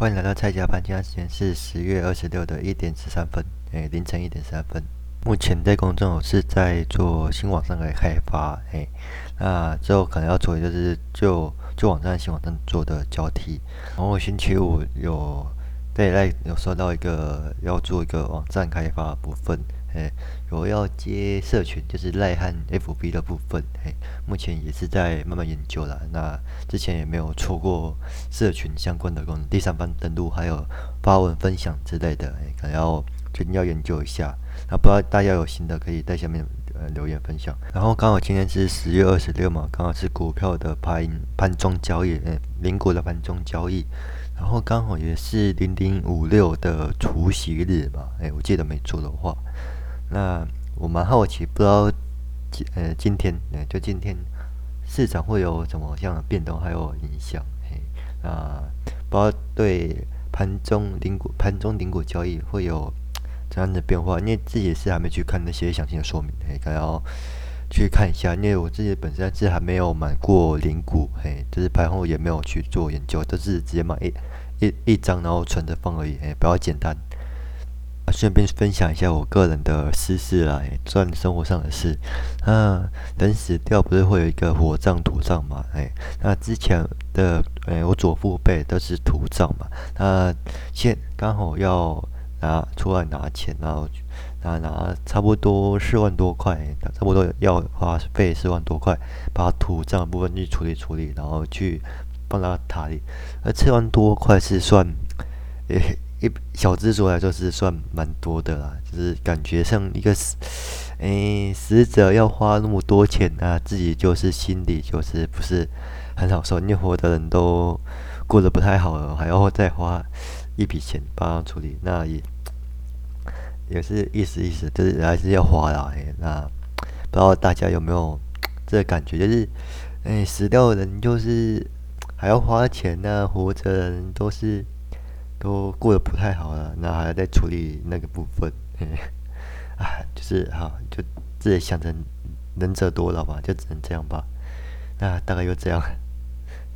歡迎來到蔡家班。現在時間是十月二十六的一點十三分，誒，凌晨一點十三分。目前在工作是在做新網站的開發，誒，那之後可能要做就是就舊網站、新網站做的交替。然後星期五有在在有收到一個要做一個網站開發的部分。哎，有要接社群，就是 LINE 和 FB 的部分誒，目前也是在慢慢研究了。那之前也沒有錯過社群相關的功能，第三方登錄還有發文分享之類的，誒，可能要決定要研究一下。那不知道大家有新的可以在下面留言分享。然後剛好今天是十月二十六嘛，剛好是股票的盤盤中交易，哎，零股的盤中交易，然後剛好也是零零五六的除息日嘛，哎，我記得沒錯的話。那我蠻好奇，不知道今呃今天，呃、欸、就今天市場會有什麼樣的變動，還有影響，嘿、欸、啊，包括對盤中零股盤中零股交易會有怎樣的變化？因為自己也是還沒去看那些詳細的說明，嘿、欸，然後去看一下，因為我自己本身是還沒有買過零股，嘿、欸，就是盤後也沒有去做研究，都、就是直接買一一一張然後存着放而已，誒、欸，比較簡單。順、啊、便分享一下我個人的私事來、欸、算生活上的事。啊，人死掉不是會有一個火葬土葬嘛？哎、欸，那之前的哎、欸、我祖父輩都是土葬嘛。那、啊、現剛好要拿出來拿錢，然後拿拿差不多四萬多塊、欸，差不多要花費四萬多塊，把土葬的部分去處理處理，然後去放到塔裡。那四萬多塊是算，欸一小資族來說是算蠻多的啦，就是感覺像一個死，誒，死者要花那麼多錢啊，自己就是心裡就是不是很好受。你活的人都過得不太好了，還要再花一筆錢幫他處理，那也也是意思意思，就是還是要花的。那不知道大家有沒有這感覺？就是誒，死掉的人就是還要花錢呢，啊，活着的人都是。都過得不太好了，那還在處理那個部分，嗯、啊，就是哈，就自己想着能者多勞吧，就只能這樣吧，那大概就這樣。